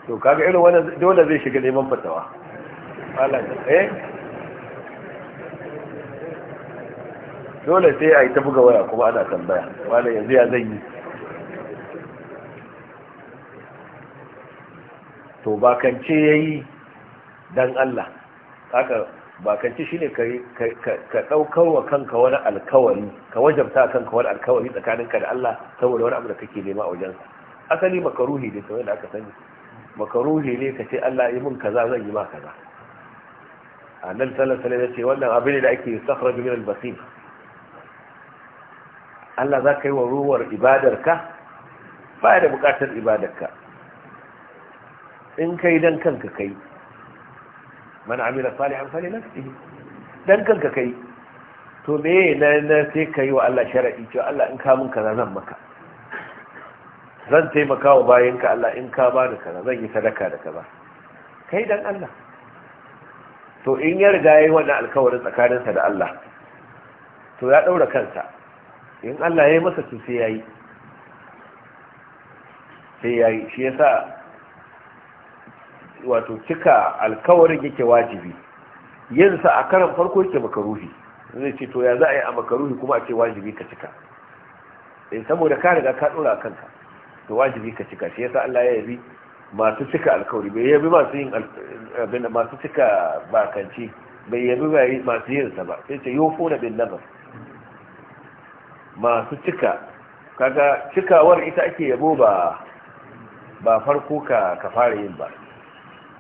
to kaga irin wannan dole zai shiga neman fatawa eh dole sai a yi ta buga waya kuma ana tambaya wani yanzu ya zai yi to bakance ya yi don Allah haka bakanci shine ka ɗaukar wa kanka wani alkawari ka wajabta kanka wani alkawari tsakaninka da Allah saboda wani abu da kake nema a wajensa asali makaruhi ne sai da aka sani makaruhi ne ka ce Allah yi mun kaza zan yi ma kaza annabi sallallahu alaihi wasallam ya ce wannan abin ne da ake yustakhraju min al basim Allah za ka yi wa ruwar ibadarka ba da bukatar ibadarka in kai dan kanka kai man amila salihan fali nafsihi dan kanka kai to me na na sai kai wa Allah sharadi cewa Allah in ka mun kaza zan maka zan taimaka wa bayanka Allah in ka ba da kaza zan yi sadaka da kaza kai dan Allah to in ya riga yayi wannan alkawarin tsakaninsa da Allah to ya daura kansa in Allah ya yi masa to sai yayi sai yayi shi yasa wato cika alkawarin yake wajibi yinsa a karan farko yake makaruhi zai ce to ya za a yi a makaruhi kuma a ce wajibi ka cika In eh, saboda ka riga ka dora kanka to wajibi ka cika shi yasa Allah ya yabi masu cika alkawari bai yabi masu yin abin masu cika bakanci bai yabi masu yin sa ba sai ce yofo da bin nazar masu cika kaga cikawar ita ake yabo ba ba farko ka ka fara yin ba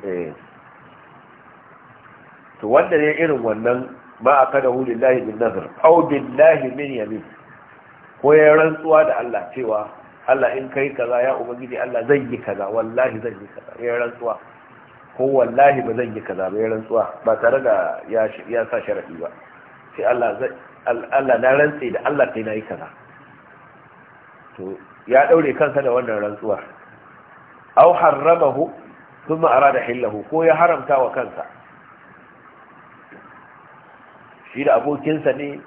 Eh. to wanda ne irin wannan ma a kada hulun lahi bin nazar au bin lahi min yamin ko ya rantsuwa da Allah cewa Allah in kai kaza ya ubangiji Allah zan yi kaza wallahi zan yi kaza ya rantsuwa ko wallahi ba zan yi kaza ba ya rantsuwa ba tare da ya sa sharafi ba sai Allah Allah na rantse da Allah kai na yi kaza to ya daure kansa da wannan rantsuwar au harramahu ثم أراد حله كو ya haramta wa kansa, shi da abokinsa ne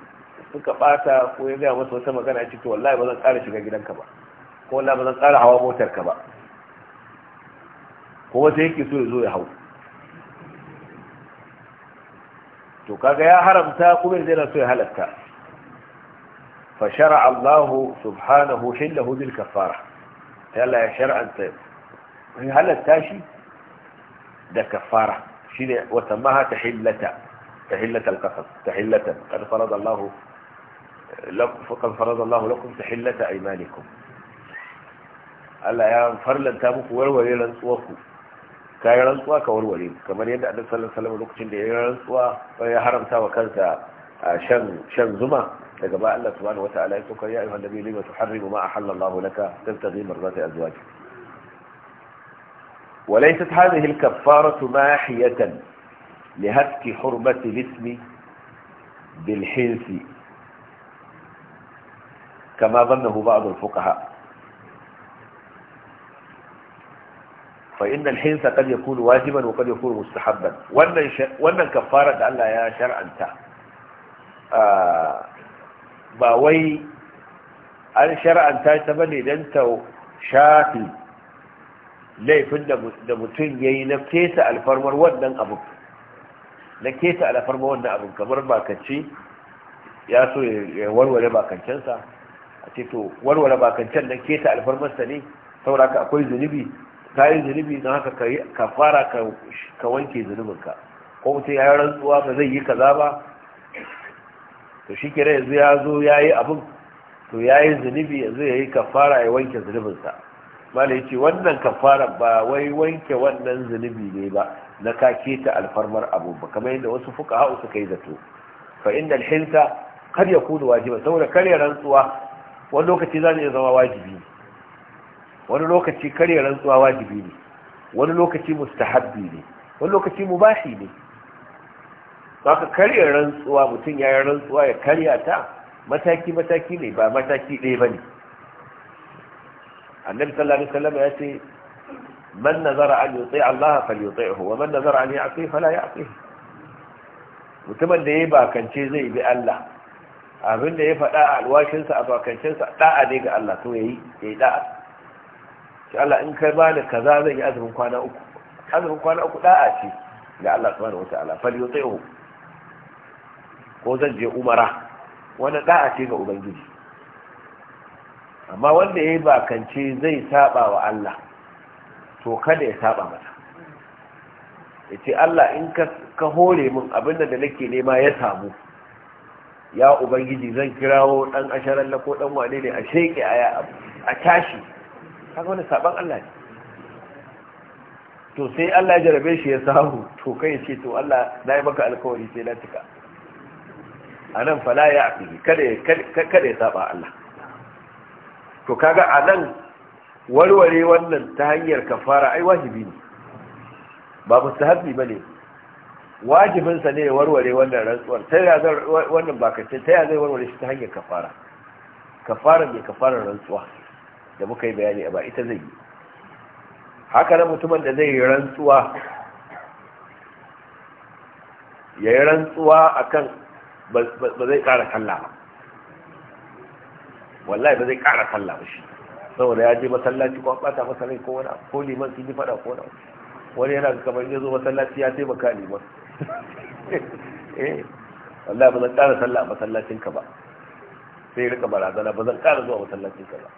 suka bata ko ya gaya masa wata magana ya ce to wallahi ba zan ƙara shiga gidanka ba ko wallahi ba zan ƙara hawa motarka ba ko wata yake so ya zo ya hau to kaga ya haramta kuma zai na so ya halatta fa shar'a Allah subhanahu hillahu bil kafara sai Allah ya shar'anta halatta shi ده كفارة وسمها تحلة تحلة القصص تحلة قد فرض الله لكم فقد فرض الله لكم تحلة أيمانكم ألا يا فرلا تابوك ورولي لنسوك كاي لنسوك ورولي كما يدع صلى الله عليه وسلم لك تندي يا لنسوك ويا حرم تاو كانت شن شن زما لقباء الله سبحانه وتعالى يسوك يا أيها النبي لما تحرم ما أحل الله لك تبتغي مرضات أزواجك وليست هذه الكفارة ماحية لهتك حرمة الاسم بالحنس كما ظنه بعض الفقهاء فإن الحنس قد يكون واجبا وقد يكون مستحبا وأن الكفارة da يا ya shar'anta ba wai أن شرعا تا تبني dan ta laifin da mutum ya yi na kesa alfarmar wannan abin na kesa alfarmar wannan abin kamar bakanci ya so ya warware bakancensa a ce to warware bakancen na kesa alfarmarsa ne sauraka akwai zunubi ta yi zunubi don haka ka fara ka wanke zunubinka ko mutum ya yi rantsuwa ba zai yi kaza ba to shi kira yanzu ya zo ya yi abin to ya yi zunubi yanzu ya yi fara ya wanke zunubinsa mala ce wannan kafara ba wai wanke wannan zunubi ne ba na kake ta alfarmar abu ba kamar yadda wasu hau suka yi zato fa inda alhinta kar ya kudu wajiba saboda karya rantsuwa wani lokaci za iya zama wajibi ne wani lokaci karya rantsuwa wajibi ne wani lokaci mustahabbi ne wani lokaci mubashi ne saka karya rantsuwa mutum ya yi rantsuwa ya karya ta mataki mataki ne ba mataki ɗaya ba ne annabi sallallahu alaihi wasallam ya ce man nazara an yuti mutumin da ya zai bi Allah abin da ya faɗa a alwashinsa a bakancinsa da'a ne ga Allah to ya yi da'a shi Allah in kai bani kaza zan yi azumin kwana uku azumin kwana uku da'a ce ga Allah subhanahu wataala falyuti'hu ko zan je umara wannan da'a ce ga ubangiji amma wanda ya yi bakance zai saba wa Allah to kada ya saba mata ya ce Allah in ka hore min abinda da nake nema ya samu ya ubangiji zan kirawo dan asharar lako dan wane ne a sheke a tashi haka wani saban Allah ne to sai Allah ya jarabe shi ya samu to kai ce to Allah na yi maka alkawari sai na cika a nan fala ya afi kada ya saba Allah to kaga a nan warware wannan ta hanyar kafara ai wajibi ne ba mustahabbi ba ne wajibinsa ne ya warware wannan rantsuwar ta yaya zai wannan bakacin ta ya zai warware shi ta hanyar kafara kafara ne kafarar rantsuwa da muka yi bayani a ba ita zai yi haka na mutumin da zai yi rantsuwa ya yi rantsuwa akan ba zai kara kalla ba wallahi ba zai kara sallah ba shi saboda ya je masallaci ko an bata masa rai ko wani ko liman sun yi fada ko wani wani yana ga kamar ya zo masallaci ya taimaka liman eh wallahi ba zan kara sallah a masallacin ka ba sai ya rika barazana ba zan kara zuwa masallacin ka ba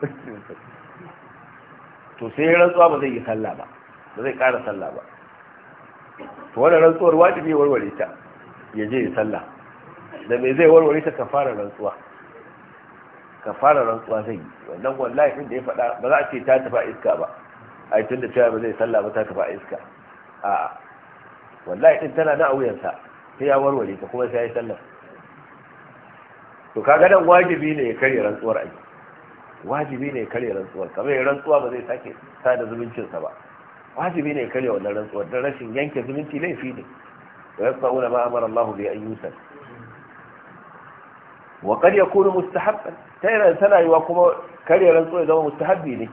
to sai ya rantsuwa ba zai yi sallah ba ba zai kara sallah ba to wannan rantsuwar wajibi warware ta ya je ya sallah da me zai warware ta kafara rantsuwa ka fara rantsuwa zai yi. wannan wallahi din da ya faɗa ba za a ce ta tafi a iska ba A tun da cewa ba zai sallah ba ta tafi a iska a wallahi din tana na auyansa sai ya warware ta kuma sai ya yi sallah to kaga nan wajibi ne ya karya rantsuwar ai wajibi ne ya karya rantsuwar kamar ya rantsuwa ba zai sake sada zumuncinsa ba wajibi ne ya karya wannan rantsuwar don rashin yanke zumunci laifi ne wa yasma'una ma amara Allah bi an yusal wa qad yakunu mustahabban tana yi wa kuma karya rantsuwa ya zama mustahabbi ne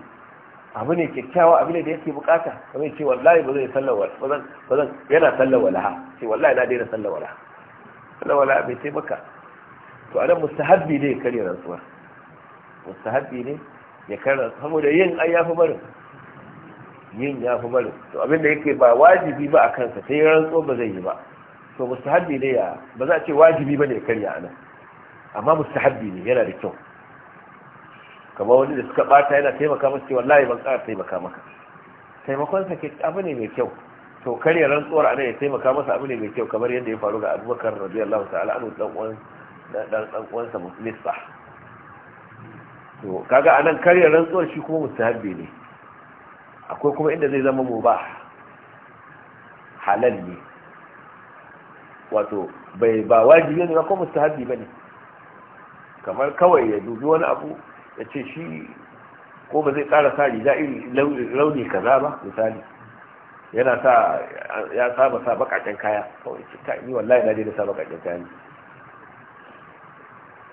abu ne kyakkyawa abu ne da yake bukata kamar ce wallahi ba zai sallar wala ba zan yana sallar wala ha ce wallahi na daina sallar wala sallar wala bai sai maka to anan mustahabbi ne ya karya rantsuwa mustahabbi ne ya karya rantsuwa saboda yin ai yafi barin yin yafi barin to abin da yake ba wajibi ba a kansa sai rantsuwa ba zai yi ba to mustahabbi ne ya ba za a ce wajibi ba ne ya karya anan amma mustahabbi ne yana da kyau kama wani da suka bata yana taimaka masa cewa layi ban ƙara taimaka maka taimakon sa ke abu ne mai kyau to kare ran rantsuwar anan ya taimaka masa abu ne mai kyau kamar yadda ya faru ga Abubakar radiyallahu ta'ala ta al'adu dan dan uwan Muslisa to kaga nan kare ran rantsuwar shi kuma habbe ne akwai kuma inda zai zama mu ba halal ne wato bai ba wajibi ne ba ko ba bane kamar kawai ya dubi wani abu ya ce shi ko ba zai kara sa riga in launi kaza ba misali yana sa ya saba sa bakaken kaya kawai ce yi wallahi na je da sa bakaken kaya ne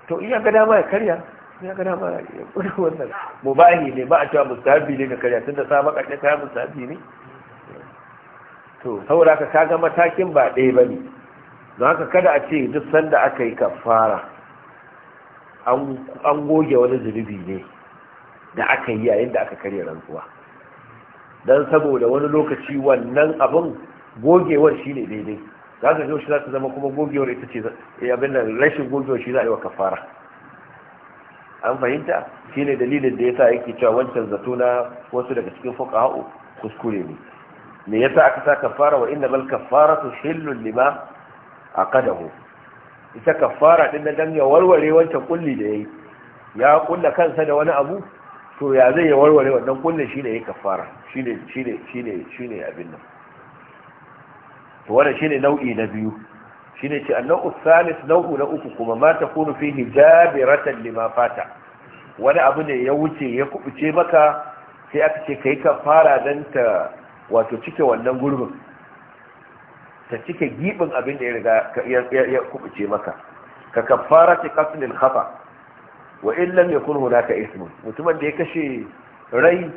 to iya ga dama ya karya ya ga dama ya kudu wannan mu mubahi ne ba a cewa mustahabi ne ga karya tun da sa bakaken kaya mustahabi ne to saboda ka kaga matakin ba ɗaya ba ne don haka kada a ce duk sanda aka yi kafara an goge wani zunubi ne da aka yi yayin da aka karya rantsuwa don saboda wani lokaci wannan abin gogewar shi ne daidai za ka zo shi za ta zama kuma gogewar ita ce eh, abin da rashin gogewar shi za a yi wa kafara an fahimta shi ne dalilin da ya sa yake cewa wancan zato na wasu daga cikin fuka kuskure ne me yasa aka sa kafara wa mal kafara kafaratu hillun lima aqadahu ita kafara din na dan ya warware wancan kulli da yayi ya kulla kansa da wani abu to ya zai ya warware wannan kullin shine yayi kafara shine shine shine shine abin nan to wannan shine nau'i na biyu shine ce annau salis nau'u na uku kuma ma kunu fi hijabiratan lima fata wani abu ne ya wuce ya kubuce maka sai aka ce kai kafara dan ta wato cike wannan gurbin ka cike gibin abin da ya riga ya kubuce maka ka kafara ta kasulin khata wa illam yakun hunaka ismun mutumin da ya kashe rai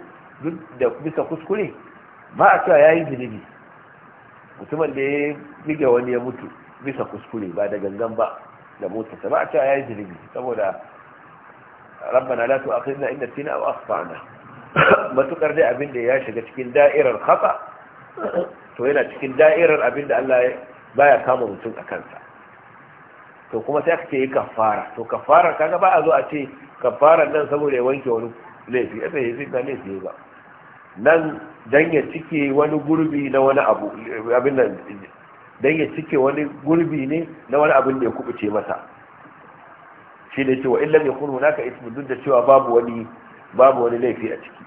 duk da bisa kuskure ba a cewa yayi zunubi mutumin da ya bige wani ya mutu bisa kuskure ba da gangan ba da motarsa ba a cewa yayi zunubi saboda rabbana la tu'akhidna in nasina aw akhtana matukar dai abin da ya shiga cikin da'irar khata to yana cikin da'irar abin da Allah baya kama mutum a kansa to kuma sai aka ce yi kafara to kafara kaga ba a zo a ce kafara nan saboda ya wanke wani laifi ya sai zai laifi ba nan dan ya cike wani gurbi na wani abu abin nan dan ya cike wani gurbi ne na wani abin da ya kubuce masa shi ne cewa ya kunu, naka ismu duk da cewa babu wani babu wani laifi a ciki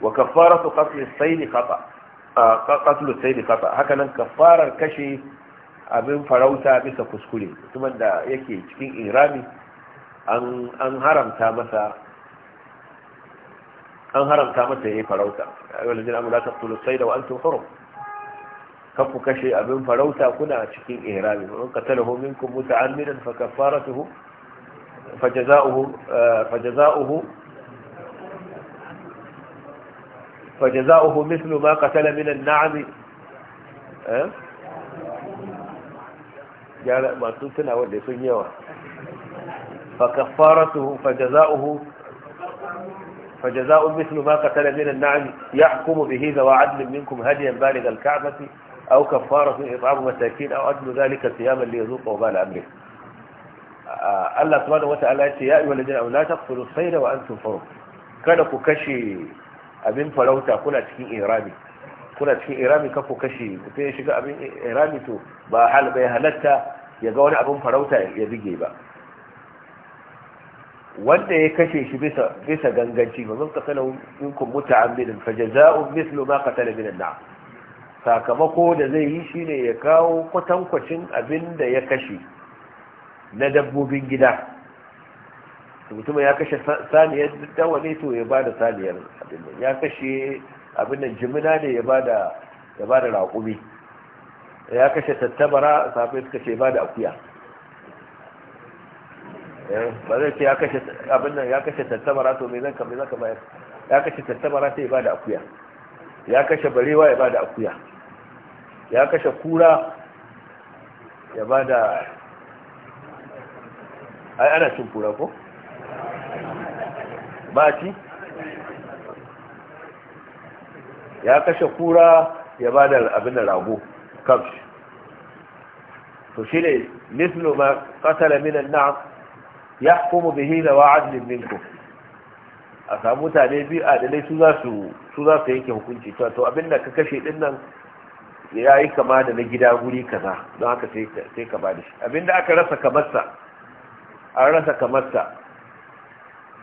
wa kafaratu as-sayl khata sai da kafa haka nan kafarar kashe abin farauta bisa kuskure mutumin da yake cikin irami an an haramta masa an haramta masa yayi farauta wala jin amla taqtulu sayda wa antum hurum kafu kashe abin farauta kuna cikin ihrami man qatalahu minkum muta'ammidan fa kafaratuhu fa fajaza'uhu فجزاؤه مثل ما قتل من النعم جعل ما تنسل أولي سنيوة فكفارته فجزاؤه فجزاؤه مثل ما قتل من النعم يحكم به ذو عدل منكم هديا بالغ الكعبة أو كفارة إطعام مساكين أو أدل ذلك سياما ليذوق وبال أمره آه، الله سبحانه وتعالى يا أيها الذين لا تقتلوا الصيد وأنتم فرق كانكو كشي abin farauta kuna cikin irami kuna cikin irami kafo kashe sai ya shiga abin irami to ba hal bai halatta ya ga wani abin farauta ya bige ba wanda ya kashe shi bisa bisa ganganci ba mun kasala muta amilin fa jazaa'u mithlu ma qatala min an sakamako da zai yi shine ya kawo kwatankwacin abin da ya kashe na dabbobin gida mutum ya kashe saniyar dawa ne to ya bada saniyar abin nan ya kashe abin nan jimina ne ya bada ya bada raƙumi ya kashe tattabara safe suka ce bada akuya eh, ba zai ce ya kashe abin nan ya kashe tattabara to me zan ka zan bayar ya kashe tattabara sai ya bada akuya ya kashe barewa ya bada akuya ya kashe kura ya bada ai ana cin kura ko baci ya kashe kura ya ba da abin da rago kamsh to shi ne mislu ma katala minan na'am ya hukumu bihi da wa adlin minku a samu mutane biyu adalai su za su yanke hukunci to abin da ka kashe din nan ya yi kama da na gida guri kaza don haka sai ka ba da shi abin da aka rasa kamarsa an rasa kamarsa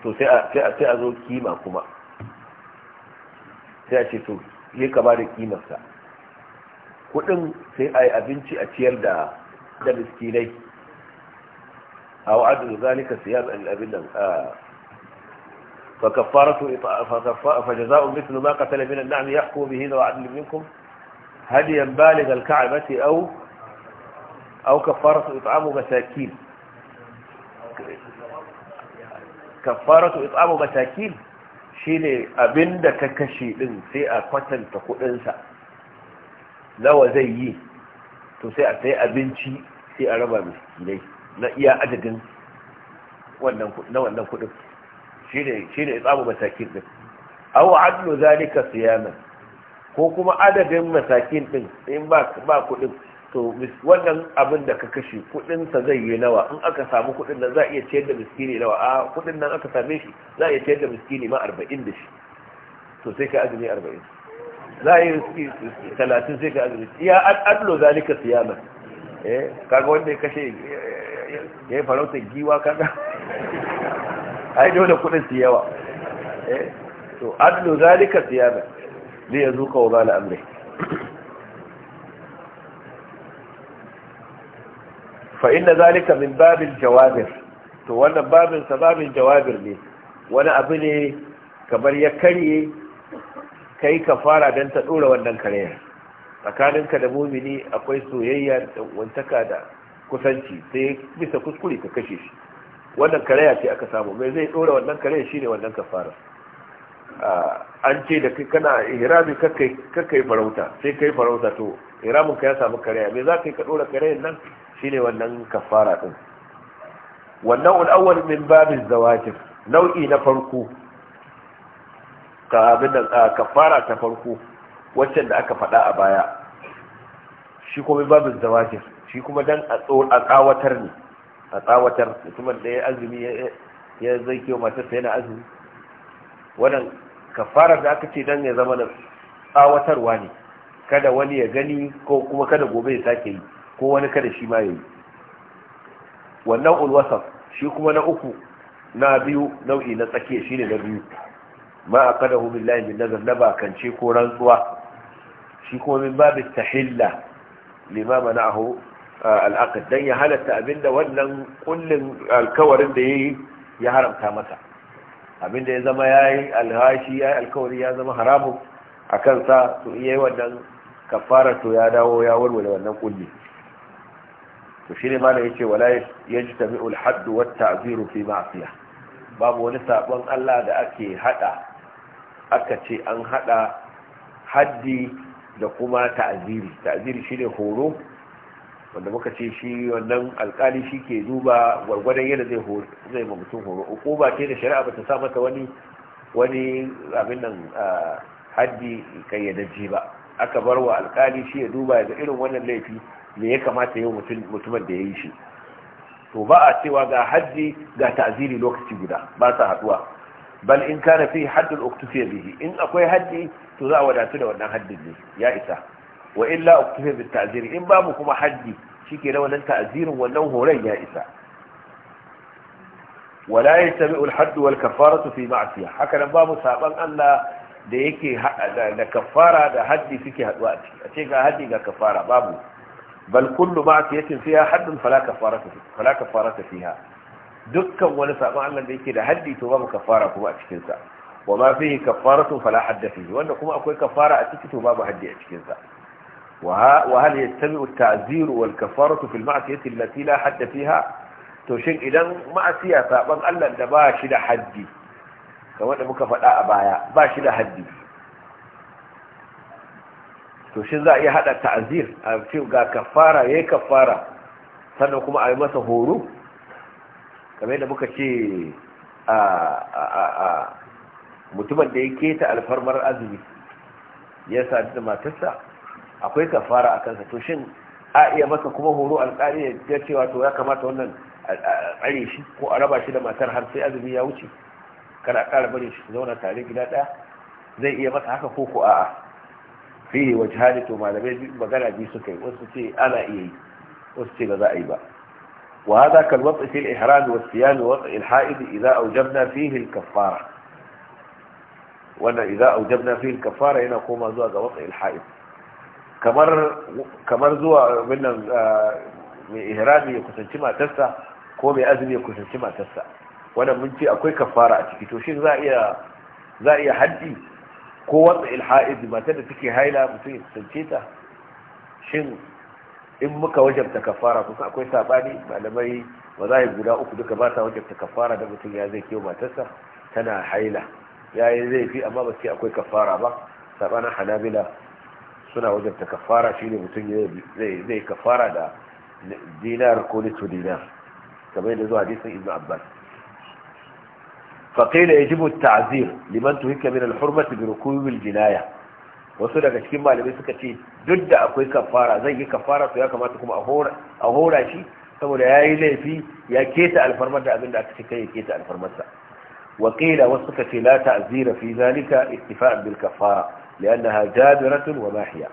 to sai a zo kima kuma sai a ce to yi ka ba da kimarsa kudin sai a yi abinci a ciyar da da miskinai a wa'adun zalika siyar al'abin nan فكفارته فجزاء مثل ما قتل من النعم يحكم به ذو عدل منكم هديا بالغ الكعبة أو أو كفارة إطعام مساكين kafaratu itsamu matakin shine abinda ka kashe din sai a kwatanta kudin sa nawa zai yi to sai a sai abinci sai a raba miskinai na iya adadin wannan na wannan kudin shine shine itsamu matakin din aw adlu zalika siyaman ko kuma adadin masakin din in ba ba kudin to wannan abin da ka kashe kudinsa zai yi nawa in aka samu kudin nan za a iya ciyar da miskini nawa a kudin nan aka same shi za a iya ciyar da miskini ma arba'in da shi to sai ka azumi arba'in za a yi miskini talatin sai ka azumi ya adlo zalika siyama eh kaga wanda ya kashe ya yi giwa kaga ai dole kudin su yawa eh to adlo zalika siyama ne ya zuka wa bala amri fa inna zalika min babil jawabir to wannan babin sa babin jawabir ne wani abu ne kamar ya karye kai fara dan ta dora wannan karayar tsakaninka da mumini akwai soyayya da wantaka da kusanci sai bisa kuskure ka kashe shi wannan karaya ce aka samu mai zai dora wannan Shi ne wannan kafara an ce da kana ihrami kakai kakkai farauta sai kai farauta to ihramin ka ya samu karaya me za ka yi ka dora karayan nan shine wannan kafara din wannan al'awwal min babin zawajir nau'i na farko ka abin da kafara ta farko waccan da aka faɗa a baya shi kuma babin zawajir shi kuma dan a tsawatar ne a tsawatar mutumin da ya azumi ya zai mata matarsa yana azumi wannan kafara da aka ce dan ya zama da tsawatarwa ne kada wani ya gani ko kuma kada gobe ya sake yi ko wani kada shi ma yayi wannan ulwasaf shi kuma na uku na biyu nau'i na tsakiya shine na biyu ma aqadahu billahi min nazar na bakance ko rantsuwa shi kuma min babu tahilla lima mana'ahu al'aqd dan ya halatta abinda wannan kullin alkawarin da yayi ya haramta masa abinda ya zama yayi alhashi yayi alkawari ya zama haramun akan sa to yayi wannan kafara to ya dawo ya warware wannan kulli to shi ne mana yace wala ya al-hadd wa at-ta'ziru fi ma'siyah babu wani sabon Allah da ake hada aka ce an hada haddi da kuma ta'ziri ta'ziri ne horo wanda muka ce shi wannan alkali shi ke duba gwargwadon yadda zai horo zai ma mutum horo ba ce da shari'a bata sa mata wani wani abin nan haddi dace ba aka bar wa alkali shi ya duba ga irin wannan laifi me ya kamata yau mutumin da ya yi shi to ba a cewa ga haddi ga ta'ziri lokaci guda ba sa haduwa bal in kana fi haddul uktufiya bihi in akwai haddi to za a wadatu da wannan haddin ne ya isa wa illa uktufiya bi ta'ziri in babu kuma haddi shike da wannan ta'zirin wannan horon ya isa wala yastabi'u al-hadd wal kafaratu fi ma'siyah haka nan babu saban Allah da yake da kafara da haddi suke haduwa a ciki a ce ga haddi ga kafara babu bal kullu ma'siyatin fiha haddun fala kafarata fala kafarata fiha dukkan wani sabon Allah da yake da haddi to babu kafara kuma a cikin sa wa ma fihi kafaratu fala hadda fihi wanda kuma akwai kafara a ciki to babu haddi a cikin sa wa hal yastami'u at-ta'ziru wal kafaratu fil ma'siyati allati la hadda fiha to shin idan ma'asiya sabon Allah da ba shi da haddi kamar da muka faɗa a baya ba shi da haddi to shi za a iya hada ta'azir a ce ga kafara yayi kafara sannan kuma a yi masa horo kamar yadda muka ce a a mutumin da ya keta alfarmar azumi ya sadu da matarsa akwai kafara a kansa to shin a iya masa kuma horo alƙali ya cewa to ya kamata wannan tsare shi ko a raba shi da matar har sai azumi ya wuce kada a ƙara bari shi zauna tare gida ɗaya zai iya masa haka ko ko a'a fihi hali to malamai magana biyu suka yi wasu ce ana iya yi wasu ce ba za a yi ba wa hada kal wata fil ihram wa siyam wa wata al haid idza fihi al kaffara wannan idza awjabna fihi al yana koma zuwa ga wata Ilhaid? kamar kamar zuwa wannan ah, mai ihrami ya kusanci matarsa ko mai azumi ya kusanci matarsa wannan mun ce akwai kaffara a ciki to shin za a iya za a iya haddi ko watsa ilha'id matar da take haila mutum ya kusance ta shin in muka wajabta kafara kusa akwai sabani malamai ba za guda uku duka ba ta wajabta kafara da mutum ya zai kiyo matarsa tana haila ya yi zai fi amma ba ce akwai kafara ba sabanin hanabila suna wajabta kafara shine mutum zai kafara da dinar ko litu dinar kamar yadda zuwa hadisin ibn abbas فقيل يجب التعذير لمن تهك من الحرمة بركوب jinaya wasu daga cikin malamai suka ce duk da akwai kafara zai yi kafara to ya kamata kuma a hora shi saboda ya yi laifi ya keta alfarmar da abin da aka ce ya keta alfarmarsa wakila wasu suka ce la ta'zira fi zalika ittifa'an bil kafara li'annaha jabiratun wa mahiya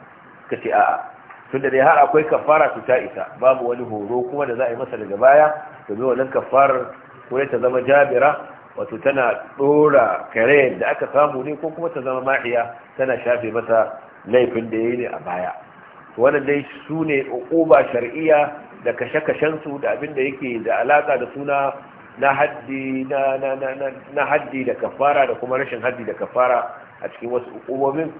suka ce a'a tun da dai har akwai kafara su ta isa babu wani horo kuma da za a yi masa daga baya domin wannan kafarar ko ta zama jabira wato tana dora kare da aka samu ne ko kuma ta zama mahiya tana shafe masa laifin da yayi ne a baya wannan dai su ne uquba shar'iyya da kashe-kashen su da abin da yake da alaka da suna na haddi na na na haddi da kafara da kuma rashin haddi da kafara a cikin wasu hukumomin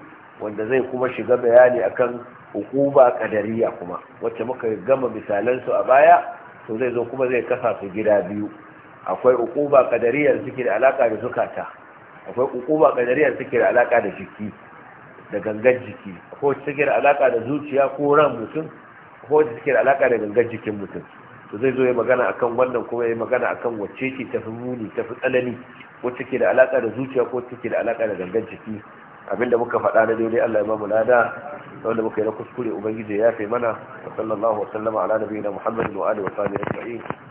wanda zai kuma shiga bayani akan uquba kadariya kuma wacce muka gama misalan su a baya to zai zo kuma zai kasa su gida biyu akwai ukuba kadariyar suke da alaka da zukata akwai ukuba kadariyar suke da alaka da jiki da gangan jiki ko suke da alaka da zuciya ko ran mutum ko suke da alaka da gangan jikin mutum to zai zo ya magana akan wannan ko ya magana akan wacce ce tafi muni tafi tsanani ko take da alaka da zuciya ko take da alaka da gangan jiki abinda muka faɗa na daidai Allah ya bamu lada wanda muka yi na kuskure ubangiji ya yafe mana wa sallallahu wa sallama ala nabiyina muhammadin wa alihi wa sahbihi ajma'in